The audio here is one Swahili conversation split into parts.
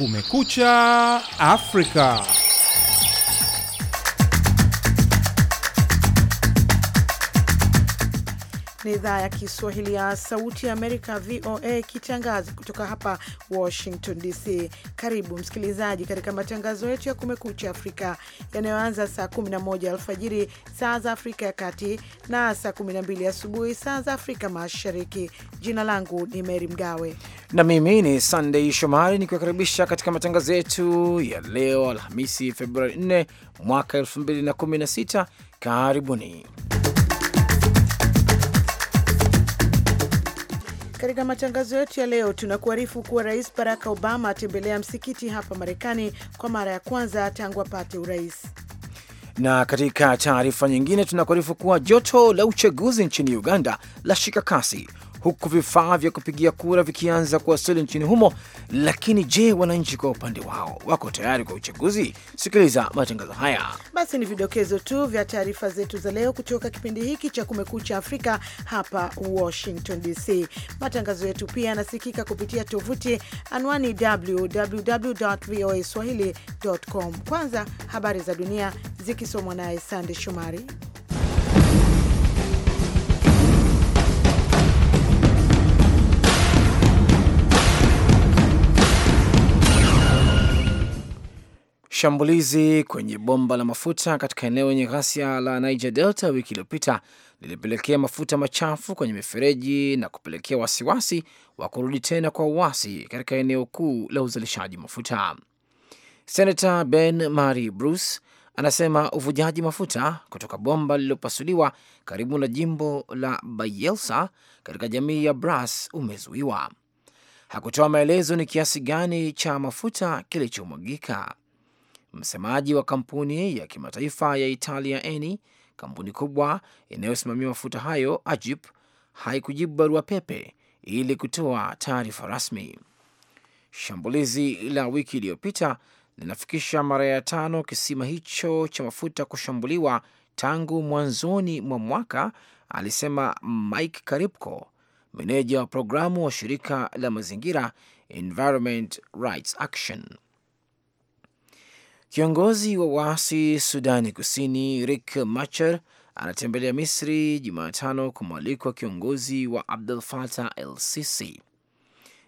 Kumekucha Afrika. ni idhaa ya Kiswahili ya Sauti ya Amerika, VOA, ikitangaza kutoka hapa Washington DC. Karibu msikilizaji katika matangazo yetu ya Kumekucha Afrika yanayoanza saa 11 alfajiri saa za Afrika ya Kati na saa 12 asubuhi saa za Afrika Mashariki. Jina langu ni mery Mgawe na mimi ni sandey Shomari nikiwakaribisha katika matangazo yetu ya leo Alhamisi, Februari 4 mwaka 2016. Karibuni. Katika matangazo yetu ya leo tunakuarifu kuwa Rais Barack Obama atembelea msikiti hapa Marekani kwa mara ya kwanza tangu apate urais. Na katika taarifa nyingine tunakuarifu kuwa joto la uchaguzi nchini Uganda la shika kasi huku vifaa vya kupigia kura vikianza kuwasili nchini humo. Lakini je, wananchi kwa upande wao wako tayari kwa uchaguzi? Sikiliza matangazo haya. Basi ni vidokezo tu vya taarifa zetu za leo kutoka kipindi hiki cha Kumekucha Afrika hapa Washington DC. Matangazo yetu pia yanasikika kupitia tovuti anwani www.voaswahili.com. Kwanza habari za dunia zikisomwa naye Sande Shomari. Shambulizi kwenye bomba la mafuta katika eneo lenye ghasia la Niger Delta wiki iliyopita lilipelekea mafuta machafu kwenye mifereji na kupelekea wasiwasi wa kurudi tena kwa uasi katika eneo kuu la uzalishaji mafuta. Senator Ben Mari Bruce anasema uvujaji mafuta kutoka bomba lililopasuliwa karibu na jimbo la Bayelsa katika jamii ya Brass umezuiwa. Hakutoa maelezo ni kiasi gani cha mafuta kilichomwagika. Msemaji wa kampuni ya kimataifa ya Italia Eni, kampuni kubwa inayosimamia mafuta hayo, Ajip, haikujibu barua pepe ili kutoa taarifa rasmi. Shambulizi la wiki iliyopita linafikisha mara ya tano kisima hicho cha mafuta kushambuliwa tangu mwanzoni mwa mwaka, alisema Mike Karipko, meneja wa programu wa shirika la mazingira Environment Rights Action. Kiongozi wa waasi Sudani Kusini rick Machar anatembelea Misri Jumatano kumwalikwa kiongozi wa Abdul Fatah El Sisi.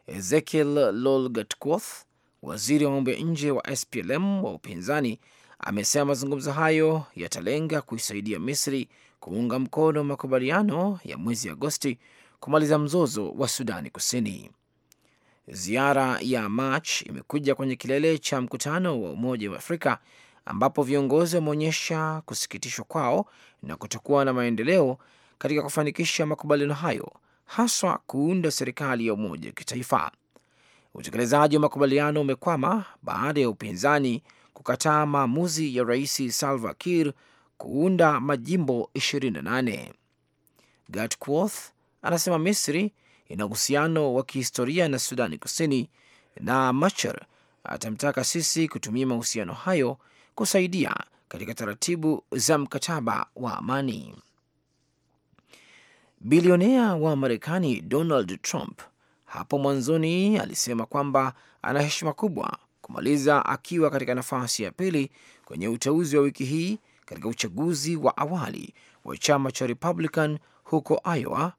Ezekiel Lolgatkoth, waziri wa mambo ya nje wa SPLM wa upinzani, amesema mazungumzo hayo yatalenga kuisaidia Misri kuunga mkono makubaliano ya mwezi Agosti kumaliza mzozo wa Sudani Kusini. Ziara ya March imekuja kwenye kilele cha mkutano wa Umoja wa Afrika ambapo viongozi wameonyesha kusikitishwa kwao na kutokuwa na maendeleo katika kufanikisha makubaliano hayo, haswa kuunda serikali ya umoja wa kitaifa. Utekelezaji wa makubaliano umekwama baada ya upinzani kukataa maamuzi ya Rais Salva Kiir kuunda majimbo 28. Gatkuoth anasema Misri ina uhusiano wa kihistoria na Sudani Kusini, na Machar atamtaka Sisi kutumia mahusiano hayo kusaidia katika taratibu za mkataba wa amani. Bilionea wa Marekani Donald Trump hapo mwanzoni alisema kwamba ana heshima kubwa kumaliza akiwa katika nafasi ya pili kwenye uteuzi wa wiki hii katika uchaguzi wa awali wa chama cha Republican huko Iowa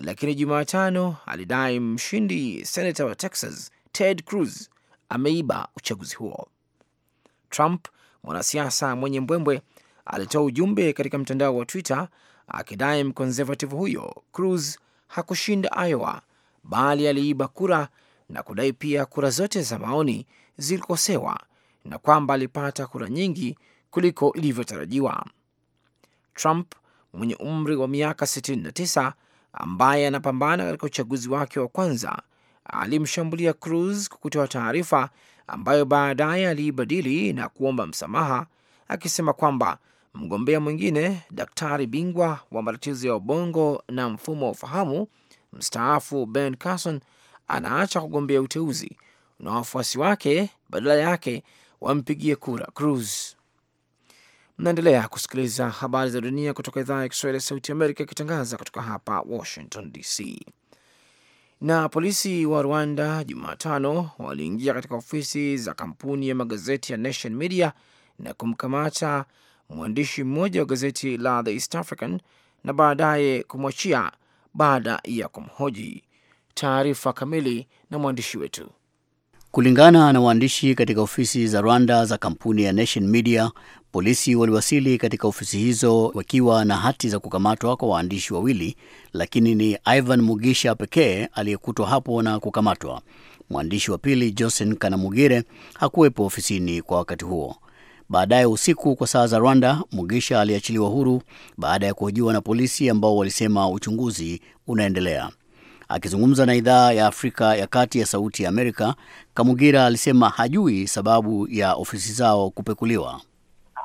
lakini Jumatano alidai mshindi senata wa Texas Ted Cruz ameiba uchaguzi huo. Trump, mwanasiasa mwenye mbwembwe, alitoa ujumbe katika mtandao wa Twitter akidai mkonservative huyo Cruz hakushinda Iowa bali aliiba kura na kudai pia kura zote za maoni zilikosewa na kwamba alipata kura nyingi kuliko ilivyotarajiwa. Trump mwenye umri wa miaka 69 ambaye anapambana katika uchaguzi wake wa kwanza alimshambulia Cruz kwa kutoa taarifa ambayo baadaye aliibadili na kuomba msamaha akisema kwamba mgombea mwingine daktari bingwa wa matatizo ya ubongo na mfumo wa ufahamu mstaafu Ben Carson anaacha kugombea uteuzi na wafuasi wake badala yake wampigie kura Cruz naendelea kusikiliza habari za dunia kutoka idhaa ya Kiswahili ya Sauti Amerika ikitangaza kutoka hapa Washington DC. Na polisi wa Rwanda Jumatano waliingia katika ofisi za kampuni ya magazeti ya Nation Media na kumkamata mwandishi mmoja wa gazeti la The East African na baadaye kumwachia baada ya kumhoji. Taarifa kamili na mwandishi wetu. Kulingana na waandishi katika ofisi za Rwanda za kampuni ya Nation Media, Polisi waliwasili katika ofisi hizo wakiwa na hati za kukamatwa kwa waandishi wawili, lakini ni Ivan Mugisha pekee aliyekutwa hapo na kukamatwa. Mwandishi wa pili josen Kanamugire hakuwepo ofisini kwa wakati huo. Baadaye usiku kwa saa za Rwanda, Mugisha aliachiliwa huru baada ya kuhojiwa na polisi ambao walisema uchunguzi unaendelea. Akizungumza na idhaa ya Afrika ya Kati ya Sauti ya Amerika, Kamugira alisema hajui sababu ya ofisi zao kupekuliwa.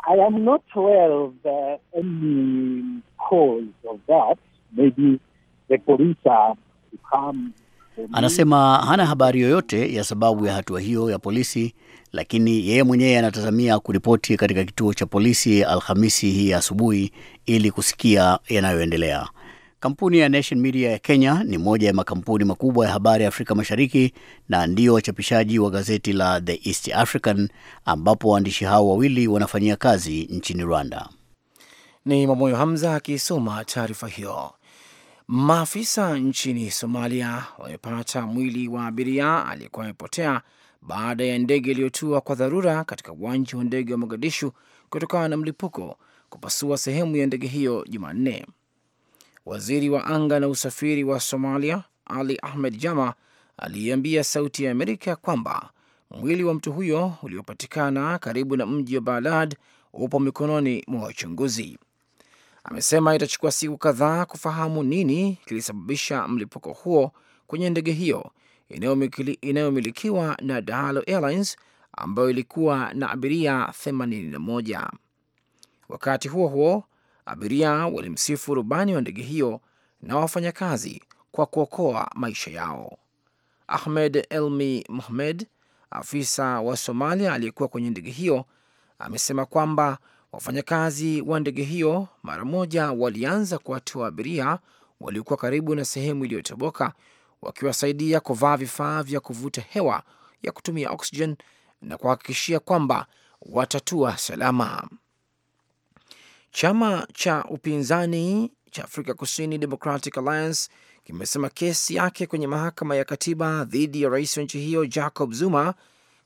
I am not aware of uh, any cause of that. Maybe the police are come. Anasema hana habari yoyote ya sababu ya hatua hiyo ya polisi, lakini yeye mwenyewe anatazamia kuripoti katika kituo cha polisi Alhamisi hii asubuhi ili kusikia yanayoendelea. Kampuni ya Nation Media ya Kenya ni moja ya makampuni makubwa ya habari ya Afrika Mashariki na ndiyo wachapishaji wa gazeti la The East African ambapo waandishi hao wawili wanafanyia kazi nchini Rwanda. Ni Mamoyo Hamza akisoma taarifa hiyo. Maafisa nchini Somalia wamepata mwili wa abiria aliyekuwa amepotea baada ya ndege iliyotua kwa dharura katika uwanja wa ndege wa Mogadishu kutokana na mlipuko kupasua sehemu ya ndege hiyo Jumanne. Waziri wa anga na usafiri wa Somalia Ali Ahmed Jama aliiambia Sauti ya Amerika kwamba mwili wa mtu huyo uliopatikana karibu na mji wa Balad upo mikononi mwa wachunguzi. Amesema itachukua siku kadhaa kufahamu nini kilisababisha mlipuko huo kwenye ndege hiyo inayomilikiwa na Dahalo Airlines ambayo ilikuwa na abiria 81. Wakati huo huo, Abiria walimsifu rubani wa ndege hiyo na wafanyakazi kwa kuokoa maisha yao. Ahmed Elmi Mohamed, afisa wa Somalia aliyekuwa kwenye ndege hiyo, amesema kwamba wafanyakazi wa ndege hiyo mara moja walianza kuwatoa abiria waliokuwa karibu na sehemu iliyotoboka, wakiwasaidia kuvaa vifaa vya kuvuta hewa ya kutumia oksijeni na kuhakikishia kwamba watatua salama. Chama cha upinzani cha Afrika Kusini Democratic Alliance kimesema kesi yake kwenye mahakama ya katiba dhidi ya rais wa nchi hiyo Jacob Zuma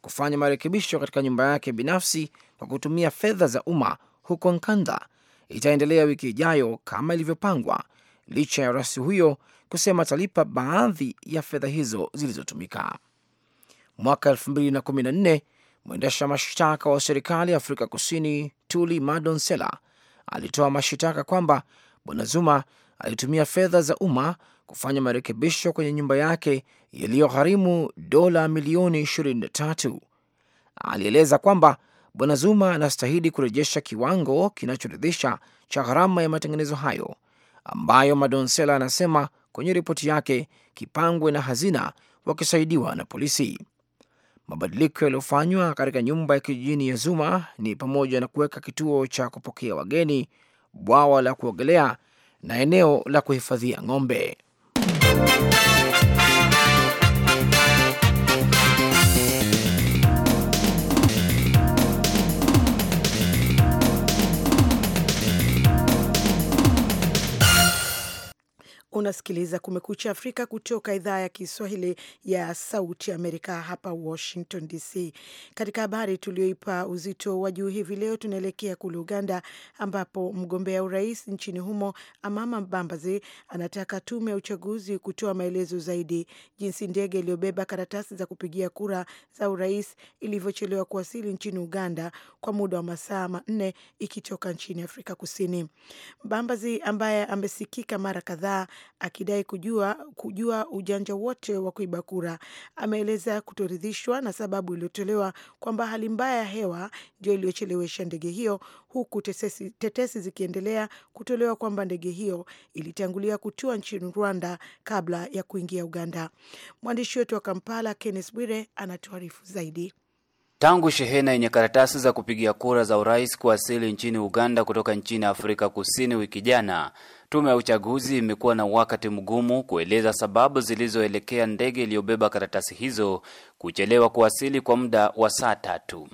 kufanya marekebisho katika nyumba yake binafsi kwa kutumia fedha za umma huko nkanda itaendelea wiki ijayo kama ilivyopangwa, licha ya rais huyo kusema atalipa baadhi ya fedha hizo zilizotumika mwaka 2014. Mwendesha mashtaka wa serikali ya Afrika Kusini Tuli Madonsela alitoa mashitaka kwamba bwana Zuma alitumia fedha za umma kufanya marekebisho kwenye nyumba yake yaliyogharimu dola milioni 23. Alieleza kwamba bwana Zuma anastahili kurejesha kiwango kinachoridhisha cha gharama ya matengenezo hayo ambayo Madonsela anasema kwenye ripoti yake kipangwe na hazina wakisaidiwa na polisi. Mabadiliko yaliyofanywa katika nyumba ya kijijini ya Zuma ni pamoja na kuweka kituo cha kupokea wageni, bwawa la kuogelea na eneo la kuhifadhia ng'ombe. unasikiliza Kumekucha Afrika kutoka idhaa ya Kiswahili ya Sauti Amerika, hapa Washington DC. Katika habari tulioipa uzito wa juu hivi leo, tunaelekea kule Uganda ambapo mgombea urais nchini humo Amama bambazi anataka tume ya uchaguzi kutoa maelezo zaidi jinsi ndege iliyobeba karatasi za kupigia kura za urais ilivyochelewa kuwasili nchini Uganda kwa muda wa masaa manne ikitoka nchini Afrika Kusini. Mbambazi ambaye amesikika mara kadhaa akidai kujua, kujua ujanja wote wa kuiba kura. Ameeleza kutoridhishwa na sababu iliyotolewa kwamba hali mbaya ya hewa ndio iliyochelewesha ndege hiyo, huku tetesi, tetesi zikiendelea kutolewa kwamba ndege hiyo ilitangulia kutua nchini Rwanda kabla ya kuingia Uganda. Mwandishi wetu wa Kampala Kenneth Bwire anatuarifu zaidi. Tangu shehena yenye karatasi za kupigia kura za urais kuwasili nchini Uganda kutoka nchini Afrika Kusini wiki jana, tume ya uchaguzi imekuwa na wakati mgumu kueleza sababu zilizoelekea ndege iliyobeba karatasi hizo kuchelewa kuwasili kwa muda wa saa tatu.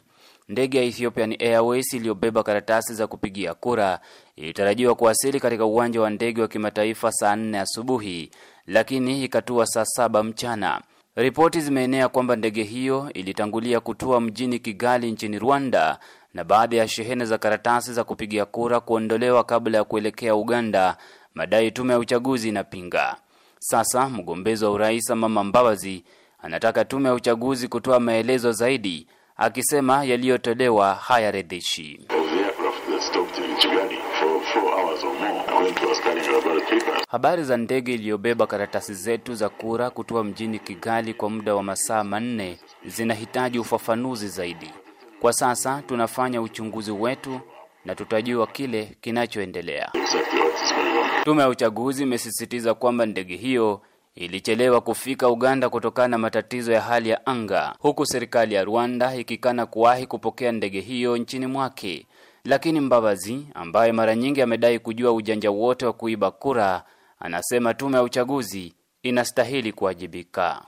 Ndege ya Ethiopian Airways iliyobeba karatasi za kupigia kura ilitarajiwa kuwasili katika uwanja wa ndege wa kimataifa saa nne asubuhi, lakini ikatua saa saba mchana. Ripoti zimeenea kwamba ndege hiyo ilitangulia kutua mjini Kigali nchini Rwanda na baadhi ya shehena za karatasi za kupigia kura kuondolewa kabla ya kuelekea Uganda, madai tume ya uchaguzi inapinga. Sasa mgombezi wa urais mama Mbabazi anataka tume ya uchaguzi kutoa maelezo zaidi, akisema yaliyotolewa hayaridhishi. Habari za ndege iliyobeba karatasi zetu za kura kutua mjini Kigali kwa muda wa masaa manne zinahitaji ufafanuzi zaidi. Kwa sasa tunafanya uchunguzi wetu na tutajua kile kinachoendelea. Tume ya uchaguzi imesisitiza kwamba ndege hiyo ilichelewa kufika Uganda kutokana na matatizo ya hali ya anga, huku serikali ya Rwanda ikikana kuwahi kupokea ndege hiyo nchini mwake. Lakini Mbabazi ambaye mara nyingi amedai kujua ujanja wote wa kuiba kura anasema tume ya uchaguzi inastahili kuwajibika.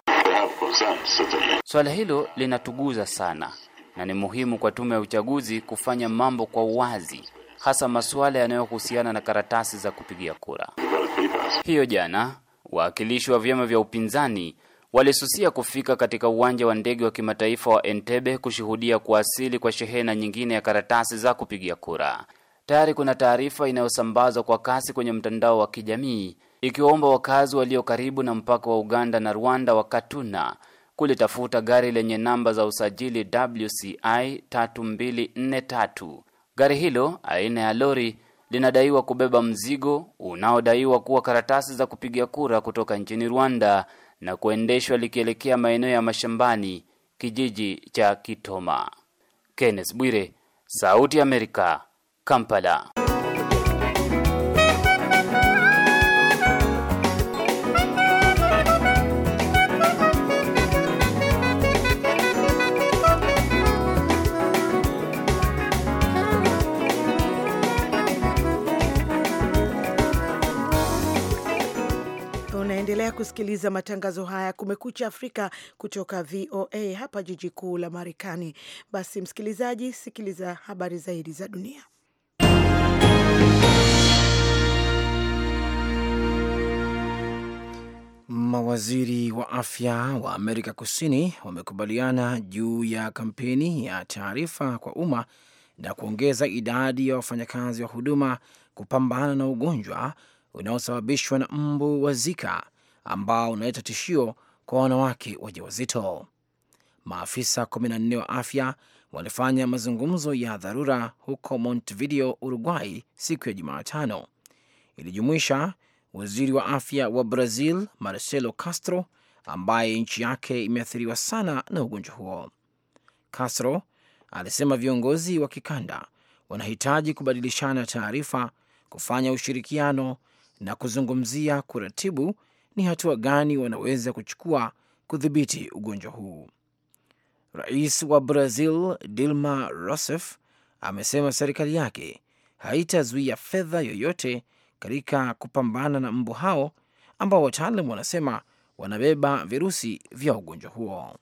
Swala hilo linatuguza sana na ni muhimu kwa tume ya uchaguzi kufanya mambo kwa uwazi, hasa masuala yanayohusiana na karatasi za kupigia kura. Hiyo jana, wawakilishi wa vyama vya upinzani walisusia kufika katika uwanja wa ndege wa kimataifa wa Entebbe kushuhudia kuasili kwa shehena nyingine ya karatasi za kupigia kura. Tayari kuna taarifa inayosambazwa kwa kasi kwenye mtandao wa kijamii ikiwaomba wakazi walio karibu na mpaka wa Uganda na Rwanda wa Katuna kulitafuta gari lenye namba za usajili WCI 3243. Gari hilo aina ya lori linadaiwa kubeba mzigo unaodaiwa kuwa karatasi za kupiga kura kutoka nchini Rwanda na kuendeshwa likielekea maeneo ya mashambani kijiji cha Kitoma. Kenneth Bwire, Sauti ya Amerika, Kampala. unasikiliza matangazo haya Kumekucha Afrika kutoka VOA hapa jiji kuu la Marekani. Basi msikilizaji, sikiliza habari zaidi za dunia. Mawaziri wa afya wa Amerika Kusini wamekubaliana juu ya kampeni ya taarifa kwa umma na kuongeza idadi ya wafanyakazi wa huduma kupambana na ugonjwa unaosababishwa na mbu wa Zika ambao unaleta tishio kwa wanawake wajawazito. Maafisa 14 wa afya walifanya mazungumzo ya dharura huko Montevideo, Uruguay siku ya Jumatano. Ilijumuisha waziri wa afya wa Brazil Marcelo Castro, ambaye nchi yake imeathiriwa sana na ugonjwa huo. Castro alisema viongozi wa kikanda wanahitaji kubadilishana taarifa, kufanya ushirikiano na kuzungumzia kuratibu ni hatua gani wanaweza kuchukua kudhibiti ugonjwa huu. Rais wa Brazil Dilma Rousseff amesema serikali yake haitazuia fedha yoyote katika kupambana na mbu hao ambao wataalam wanasema wanabeba virusi vya ugonjwa huo.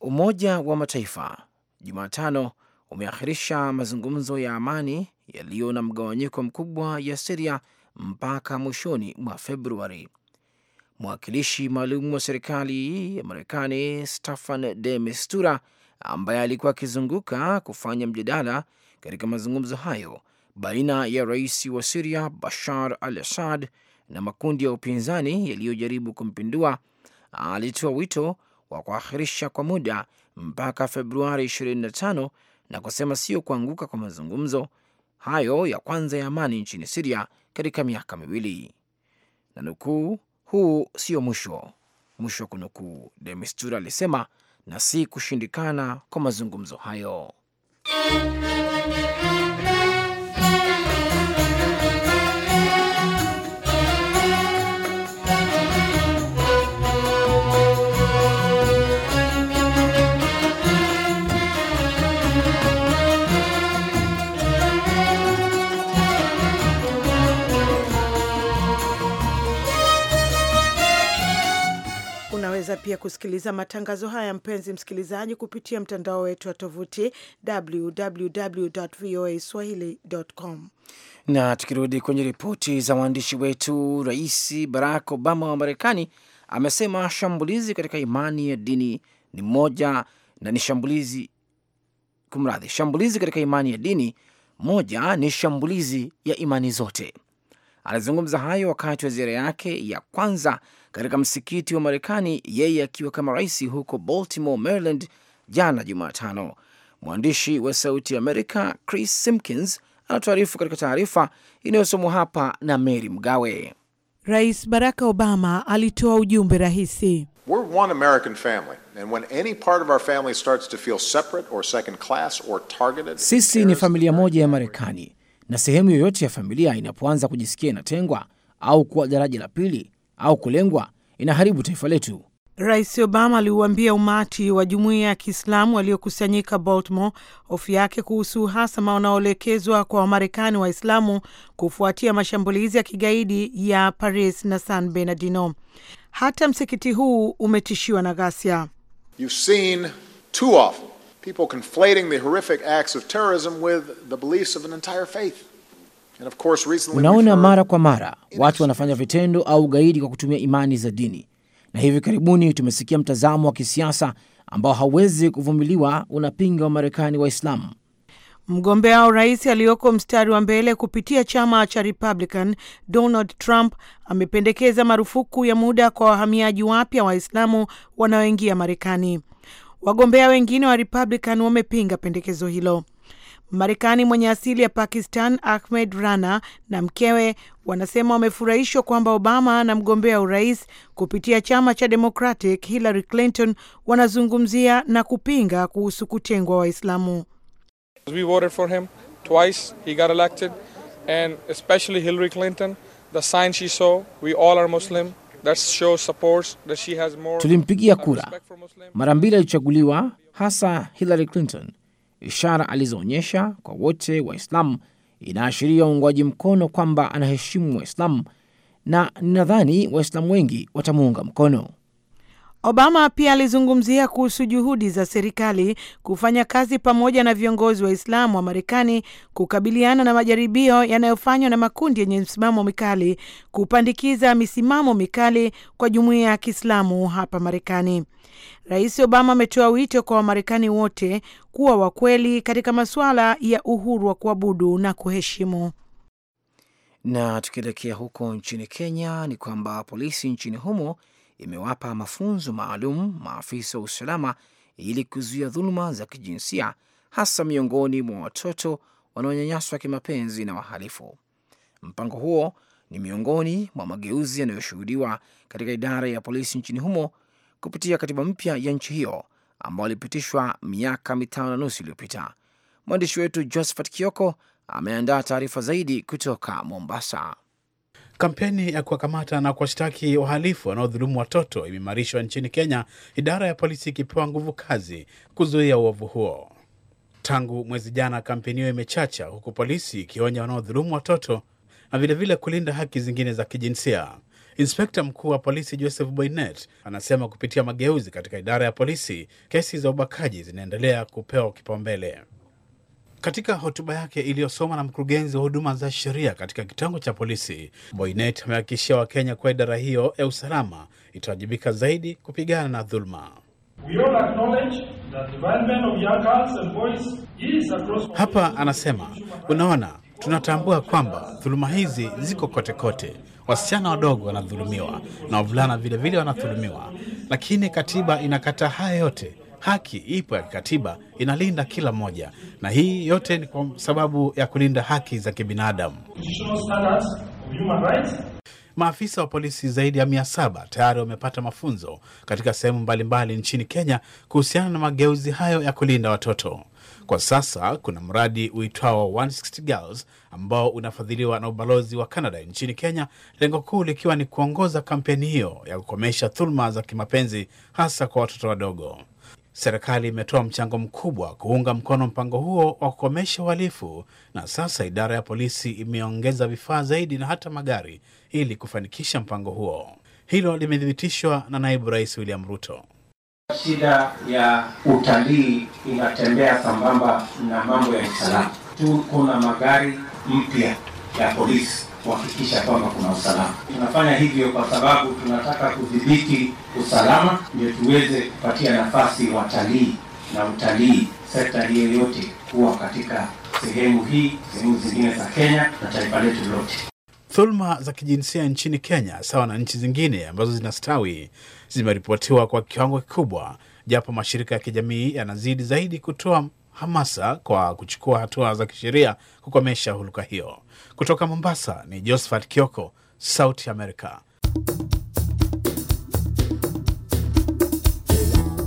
Umoja wa Mataifa Jumatano umeahirisha mazungumzo ya amani yaliyo na mgawanyiko mkubwa ya Siria mpaka mwishoni mwa Februari. Mwakilishi maalum wa serikali ya Marekani Staffan de Mistura, ambaye alikuwa akizunguka kufanya mjadala katika mazungumzo hayo baina ya rais wa Siria Bashar al Assad na makundi ya upinzani yaliyojaribu kumpindua, alitoa wito wa kuakhirisha kwa muda mpaka Februari 25 na kusema sio kuanguka kwa mazungumzo hayo ya kwanza ya amani nchini Siria katika miaka miwili, na nukuu, huu sio mwisho, mwisho wa kunukuu, de Mistura alisema, na si kushindikana kwa mazungumzo hayo. Unaweza pia kusikiliza matangazo haya, mpenzi msikilizaji, kupitia mtandao wetu wa tovuti swahili.com. Na tukirudi kwenye ripoti za waandishi wetu, Rais Barack Obama wa Marekani amesema shambulizi katika imani ya dini ni moja na ni shambulizi kumradhi, shambulizi katika imani ya dini moja ni shambulizi ya imani zote. Alizungumza hayo wakati wa ziara yake ya kwanza katika msikiti wa Marekani, yeye akiwa kama rais huko Baltimore, Maryland jana Jumatano. Mwandishi wa Sauti Amerika Chris Simkins anatuarifu katika taarifa inayosomwa hapa na Mary Mgawe. Rais Barack Obama alitoa ujumbe rahisi. We're one American family and when any part of our family starts to feel separate or second class or targeted. Sisi ni familia moja ya Marekani na sehemu yoyote ya familia inapoanza kujisikia inatengwa au kuwa daraja la pili au kulengwa inaharibu taifa letu. Rais Obama aliuambia umati wa jumuiya ya Kiislamu waliokusanyika Baltimore hofu yake kuhusu uhasama unaoelekezwa kwa Wamarekani Waislamu kufuatia mashambulizi ya kigaidi ya Paris na San Bernardino. Hata msikiti huu umetishiwa na ghasia. People conflating the horrific acts of terrorism with the beliefs of an entire faith. Unaona mara kwa mara watu wanafanya vitendo au ugaidi kwa kutumia imani za dini, na hivi karibuni tumesikia mtazamo wa kisiasa ambao hauwezi kuvumiliwa, unapinga Wamarekani Waislamu. Mgombea wa urais aliyoko mstari wa mbele kupitia chama cha Republican, Donald Trump amependekeza marufuku ya muda kwa wahamiaji wapya Waislamu wanaoingia Marekani. Wagombea wengine wa Republican wamepinga pendekezo hilo. Marekani mwenye asili ya Pakistan Ahmed Rana na mkewe wanasema wamefurahishwa kwamba Obama na mgombea urais kupitia chama cha Democratic Hillary Clinton wanazungumzia na kupinga kuhusu kutengwa Waislamu. Tulimpigia kura mara mbili, alichaguliwa hasa Hillary Clinton ishara alizoonyesha kwa wote Waislamu inaashiria uungwaji mkono kwamba anaheshimu Waislamu na ninadhani Waislamu wengi watamuunga mkono. Obama pia alizungumzia kuhusu juhudi za serikali kufanya kazi pamoja na viongozi Waislamu wa Marekani kukabiliana na majaribio yanayofanywa na makundi yenye msimamo mikali kupandikiza misimamo mikali kwa jumuiya ya Kiislamu hapa Marekani. Rais Obama ametoa wito kwa Wamarekani wote kuwa wakweli katika masuala ya uhuru wa kuabudu na kuheshimu. Na tukielekea huko nchini Kenya, ni kwamba polisi nchini humo imewapa mafunzo maalum maafisa wa usalama ili kuzuia dhuluma za kijinsia, hasa miongoni mwa watoto wanaonyanyaswa kimapenzi na wahalifu. Mpango huo ni miongoni mwa mageuzi yanayoshuhudiwa katika idara ya polisi nchini humo kupitia katiba mpya ya nchi hiyo ambao ilipitishwa miaka mitano na nusu iliyopita. Mwandishi wetu Josephat Kioko ameandaa taarifa zaidi kutoka Mombasa. Kampeni ya kuwakamata na kuwashtaki wahalifu wanaodhulumu watoto imeimarishwa nchini Kenya, idara ya polisi ikipewa nguvu kazi kuzuia uovu huo. Tangu mwezi jana, kampeni hiyo imechacha, huku polisi ikionya wanaodhulumu watoto na vilevile vile kulinda haki zingine za kijinsia. Inspekta mkuu wa polisi Joseph Boynet anasema kupitia mageuzi katika idara ya polisi, kesi za ubakaji zinaendelea kupewa kipaumbele. Katika hotuba yake iliyosoma na mkurugenzi wa huduma za sheria katika kitengo cha polisi, Boynet amehakikishia Wakenya kuwa idara hiyo ya usalama itawajibika zaidi kupigana na dhuluma. Hapa anasema, unaona, tunatambua kwamba dhuluma hizi ziko kote kote wasichana wadogo wanadhulumiwa na wavulana vilevile wanadhulumiwa, lakini katiba inakata haya yote. Haki ipo ya kikatiba, inalinda kila mmoja, na hii yote ni kwa sababu ya kulinda haki za kibinadamu. Maafisa wa polisi zaidi ya mia saba tayari wamepata mafunzo katika sehemu mbalimbali nchini Kenya kuhusiana na mageuzi hayo ya kulinda watoto. Kwa sasa kuna mradi uitwao 160 Girls ambao unafadhiliwa na ubalozi wa Canada nchini Kenya, lengo kuu likiwa ni kuongoza kampeni hiyo ya kukomesha thuluma za kimapenzi hasa kwa watoto wadogo. Serikali imetoa mchango mkubwa kuunga mkono mpango huo wa kukomesha uhalifu, na sasa idara ya polisi imeongeza vifaa zaidi na hata magari ili kufanikisha mpango huo. Hilo limethibitishwa na naibu rais William Ruto. Shida ya utalii inatembea sambamba na mambo ya usalama tu. Kuna magari mpya ya polisi kuhakikisha kwamba kuna usalama. Tunafanya hivyo kwa sababu tunataka kudhibiti usalama, ndio tuweze kupatia nafasi watalii na utalii sekta hiyo yote kuwa katika sehemu hii, sehemu zingine za Kenya na taifa letu lote. Dhuluma za kijinsia nchini Kenya sawa na nchi zingine ambazo zinastawi zimeripotiwa kwa kiwango kikubwa, japo mashirika ya kijamii yanazidi zaidi kutoa hamasa kwa kuchukua hatua za kisheria kukomesha huluka hiyo. Kutoka Mombasa ni Josephat Kioko, Sauti Amerika.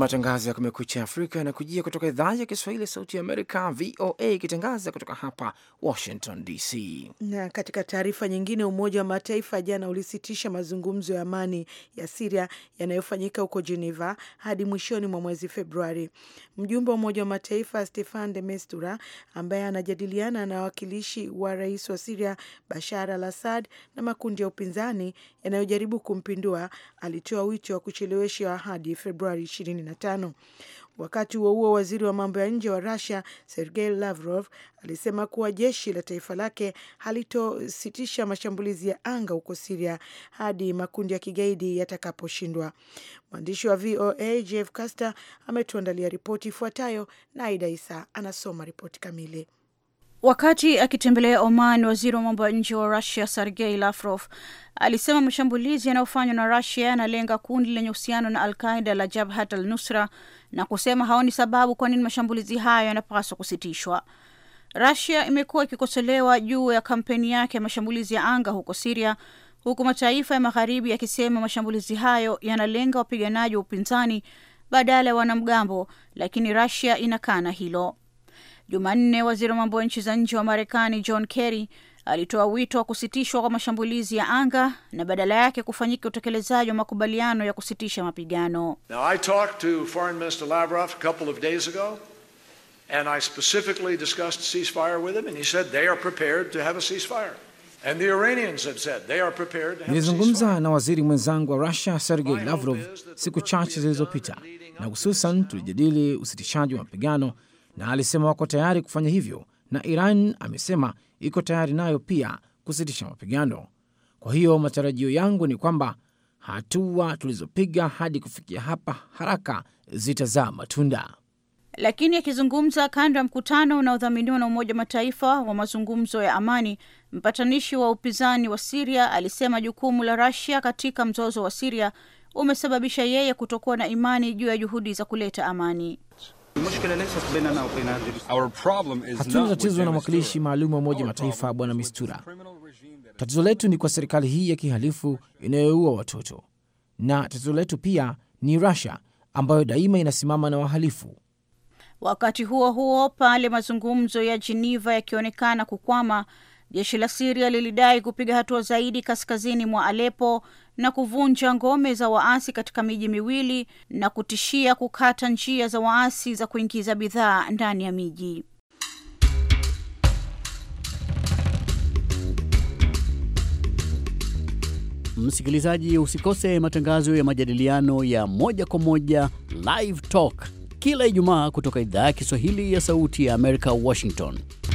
Matangazo ya Kumekucha Afrika yanakujia kutoka idhaa ya Kiswahili ya Sauti ya Amerika, VOA, ikitangaza kutoka hapa Washington DC. Na katika taarifa nyingine, Umoja wa Mataifa jana ulisitisha mazungumzo ya amani ya Siria yanayofanyika huko Geneva hadi mwishoni mwa mwezi Februari. Mjumbe wa Umoja wa Mataifa Stefan de mestura ambaye anajadiliana na wawakilishi wa rais wa Siria Bashar al Assad na makundi ya upinzani yanayojaribu kumpindua, alitoa wito wa kucheleweshwa hadi Februari 2015. Wakati huo huo, waziri wa mambo ya nje wa Russia Sergei Lavrov alisema kuwa jeshi la taifa lake halitositisha mashambulizi ya anga huko Siria hadi makundi ya kigaidi yatakaposhindwa. Mwandishi wa VOA Jeff Caster ametuandalia ripoti ifuatayo na Aida Isa anasoma ripoti kamili. Wakati akitembelea Oman, waziri wa mambo ya nje wa Rusia Sergei Lavrov alisema mashambulizi yanayofanywa na Rusia yanalenga kundi lenye uhusiano na Al Qaida la Jabhat al Nusra na kusema haoni sababu kwa nini mashambulizi hayo yanapaswa kusitishwa. Rusia imekuwa ikikosolewa juu ya kampeni yake ya mashambulizi ya anga huko Siria, huku mataifa ya Magharibi yakisema mashambulizi hayo yanalenga wapiganaji wa upinzani badala ya wanamgambo, lakini Rusia inakana hilo. Jumanne, waziri wa mambo ya nchi za nje wa Marekani John Kerry alitoa wito wa kusitishwa kwa mashambulizi ya anga na badala yake kufanyika utekelezaji wa makubaliano ya kusitisha mapigano. Now I talked to Foreign Minister Lavrov a couple of days ago and I specifically discussed ceasefire with him and he said they are prepared to have a ceasefire. And the Iranians have said they are prepared to have. Nilizungumza na waziri mwenzangu wa Russia Sergei Lavrov siku chache zilizopita, na hususan tulijadili usitishaji wa mapigano na alisema wako tayari kufanya hivyo, na Iran amesema iko tayari nayo pia kusitisha mapigano. Kwa hiyo matarajio yangu ni kwamba hatua tulizopiga hadi kufikia hapa haraka zitazaa matunda. Lakini akizungumza kando ya mkutano unaodhaminiwa na Umoja wa Mataifa wa mazungumzo ya amani, mpatanishi wa upinzani wa Siria alisema jukumu la Rasia katika mzozo wa Siria umesababisha yeye kutokuwa na imani juu ya juhudi za kuleta amani. Hatuna tatizo na mwakilishi maalum wa Umoja Mataifa Bwana Mistura. Tatizo letu ni kwa serikali hii ya kihalifu inayoua watoto, na tatizo letu pia ni Russia ambayo daima inasimama na wahalifu. Wakati huo huo, pale mazungumzo ya Geneva yakionekana kukwama Jeshi la Siria lilidai kupiga hatua zaidi kaskazini mwa Alepo na kuvunja ngome za waasi katika miji miwili na kutishia kukata njia za waasi za kuingiza bidhaa ndani ya miji. Msikilizaji, usikose matangazo ya majadiliano ya moja kwa moja Live Talk kila Ijumaa kutoka idhaa ya Kiswahili ya Sauti ya Amerika, Washington.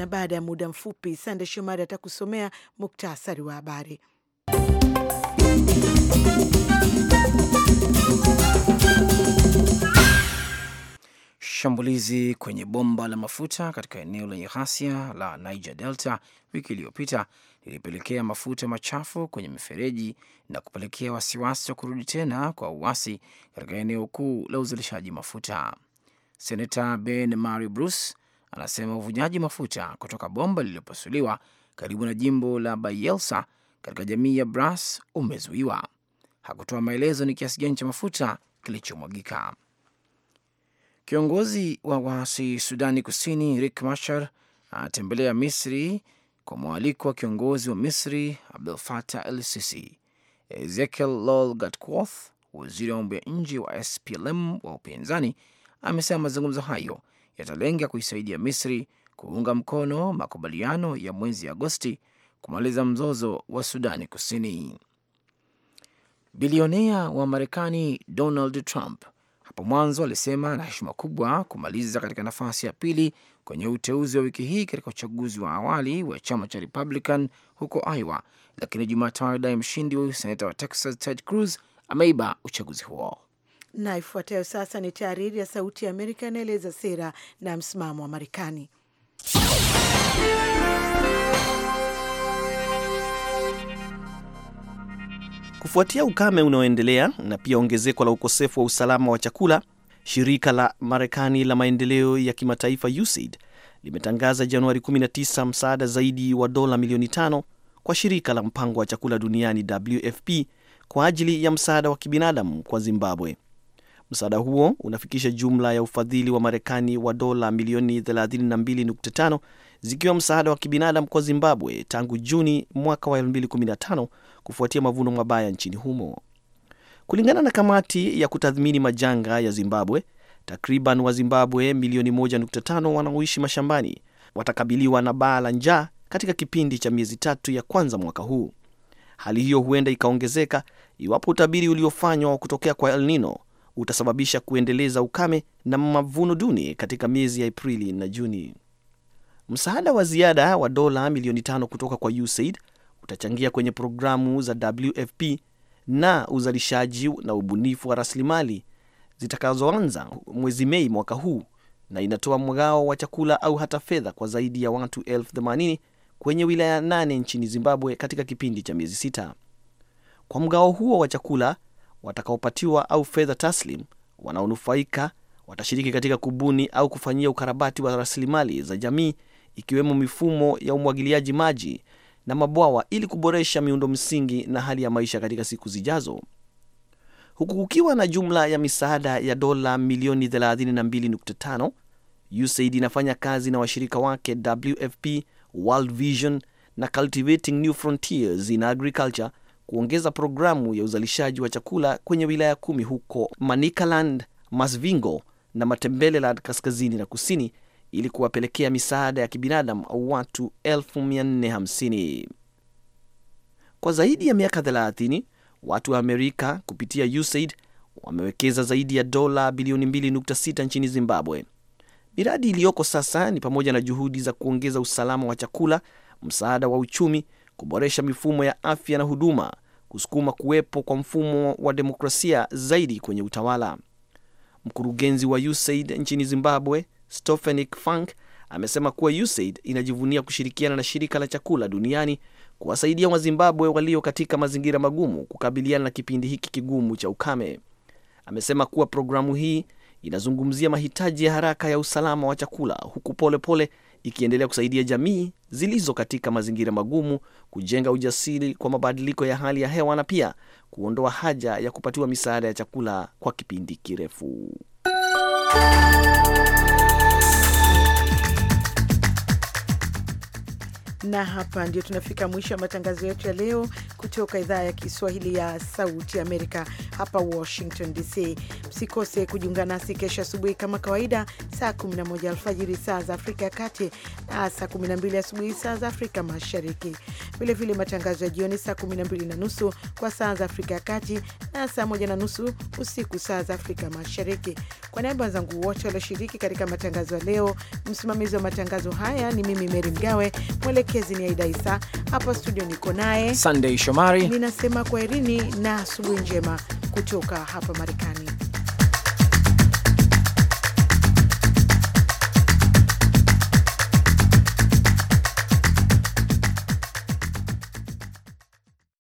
na baada ya muda mfupi Sande Shomari atakusomea muktasari wa habari. Shambulizi kwenye bomba la mafuta katika eneo lenye ghasia la Niger Delta wiki iliyopita lilipelekea mafuta machafu kwenye mifereji na kupelekea wasiwasi wa kurudi tena kwa uasi katika eneo kuu la uzalishaji mafuta. Senata Ben Mari Bruce anasema uvujaji mafuta kutoka bomba lililopasuliwa karibu na jimbo la Bayelsa katika jamii ya Bras umezuiwa. Hakutoa maelezo ni kiasi gani cha mafuta kilichomwagika. Kiongozi wa waasi Sudani Kusini Rik mashar anatembelea Misri kwa mwaliko wa kiongozi wa Misri abdul Fatah El Sisi. Ezekiel Lol Gatkuoth, waziri wa mambo ya nje wa SPLM wa upinzani, amesema mazungumzo hayo yatalenga kuisaidia Misri kuunga mkono makubaliano ya mwezi Agosti kumaliza mzozo wa Sudani Kusini. Bilionea wa Marekani Donald Trump hapo mwanzo alisema ana heshima kubwa kumaliza katika nafasi ya pili kwenye uteuzi wa wiki hii katika uchaguzi wa awali wa chama cha Republican huko Iowa, lakini Jumatano alidai mshindi wa seneta wa Texas Ted Cruz ameiba uchaguzi huo. Na ifuatayo sasa ni tahariri ya Sauti ya Amerika inaeleza sera na msimamo wa Marekani. Kufuatia ukame unaoendelea na pia ongezeko la ukosefu wa usalama wa chakula, shirika la Marekani la maendeleo ya kimataifa USAID limetangaza Januari 19 msaada zaidi wa dola milioni tano kwa shirika la mpango wa chakula duniani WFP kwa ajili ya msaada wa kibinadamu kwa Zimbabwe. Msaada huo unafikisha jumla ya ufadhili wa Marekani wa dola milioni 32.5 zikiwa msaada wa kibinadamu kwa Zimbabwe tangu Juni mwaka wa 2015 kufuatia mavuno mabaya nchini humo. Kulingana na kamati ya kutathmini majanga ya Zimbabwe, takriban Wazimbabwe milioni 1.5 wanaoishi mashambani watakabiliwa na baa la njaa katika kipindi cha miezi tatu ya kwanza mwaka huu. Hali hiyo huenda ikaongezeka iwapo utabiri uliofanywa wa kutokea kwa El Nino utasababisha kuendeleza ukame na mavuno duni katika miezi ya Aprili na Juni. Msaada wa ziada wa dola milioni tano kutoka kwa USAID utachangia kwenye programu za WFP na uzalishaji na ubunifu wa rasilimali zitakazoanza mwezi Mei mwaka huu na inatoa mgao wa chakula au hata fedha kwa zaidi ya watu elfu themanini kwenye wilaya nane nchini Zimbabwe katika kipindi cha miezi sita. Kwa mgao huo wa chakula watakaopatiwa au fedha taslim wanaonufaika watashiriki katika kubuni au kufanyia ukarabati wa rasilimali za jamii ikiwemo mifumo ya umwagiliaji maji na mabwawa ili kuboresha miundo msingi na hali ya maisha katika siku zijazo, huku kukiwa na jumla ya misaada ya dola milioni 32.5. USAID inafanya kazi na washirika wake WFP, World Vision na Cultivating New Frontiers in Agriculture kuongeza programu ya uzalishaji wa chakula kwenye wilaya kumi huko Manicaland, Masvingo na matembeleland kaskazini na kusini ili kuwapelekea misaada ya kibinadamu au watu 450 Kwa zaidi ya miaka 30 watu wa Amerika kupitia USAID wamewekeza zaidi ya dola bilioni 2.6 nchini Zimbabwe. Miradi iliyoko sasa ni pamoja na juhudi za kuongeza usalama wa chakula, msaada wa uchumi kuboresha mifumo ya afya na huduma, kusukuma kuwepo kwa mfumo wa demokrasia zaidi kwenye utawala. Mkurugenzi wa USAID nchini Zimbabwe, Stephanie Funk, amesema kuwa USAID inajivunia kushirikiana na shirika la chakula duniani kuwasaidia Wazimbabwe walio katika mazingira magumu kukabiliana na kipindi hiki kigumu cha ukame. Amesema kuwa programu hii inazungumzia mahitaji ya haraka ya usalama wa chakula huku polepole pole ikiendelea kusaidia jamii zilizo katika mazingira magumu kujenga ujasiri kwa mabadiliko ya hali ya hewa na pia kuondoa haja ya kupatiwa misaada ya chakula kwa kipindi kirefu. na hapa ndio tunafika mwisho wa matangazo yetu ya leo kutoka idhaa ya Kiswahili ya Sauti Amerika hapa Washington DC. Usikose kujiunga nasi kesho asubuhi kama kawaida, saa 11 alfajiri saa za Afrika ya Kati na saa 12 asubuhi saa za Afrika Mashariki. Vilevile matangazo ya jioni saa 12 na nusu kwa saa za Afrika ya Kati na saa 1 na nusu usiku saa za Afrika Mashariki. Kwa niaba wenzangu wote walioshiriki katika matangazo ya leo, msimamizi wa matangazo haya ni mimi Meri Mgawe, mwelekezi ni Aida Isa, hapa studio niko naye Sandei Shomari. Ninasema kwaherini na asubuhi njema kutoka hapa Marekani.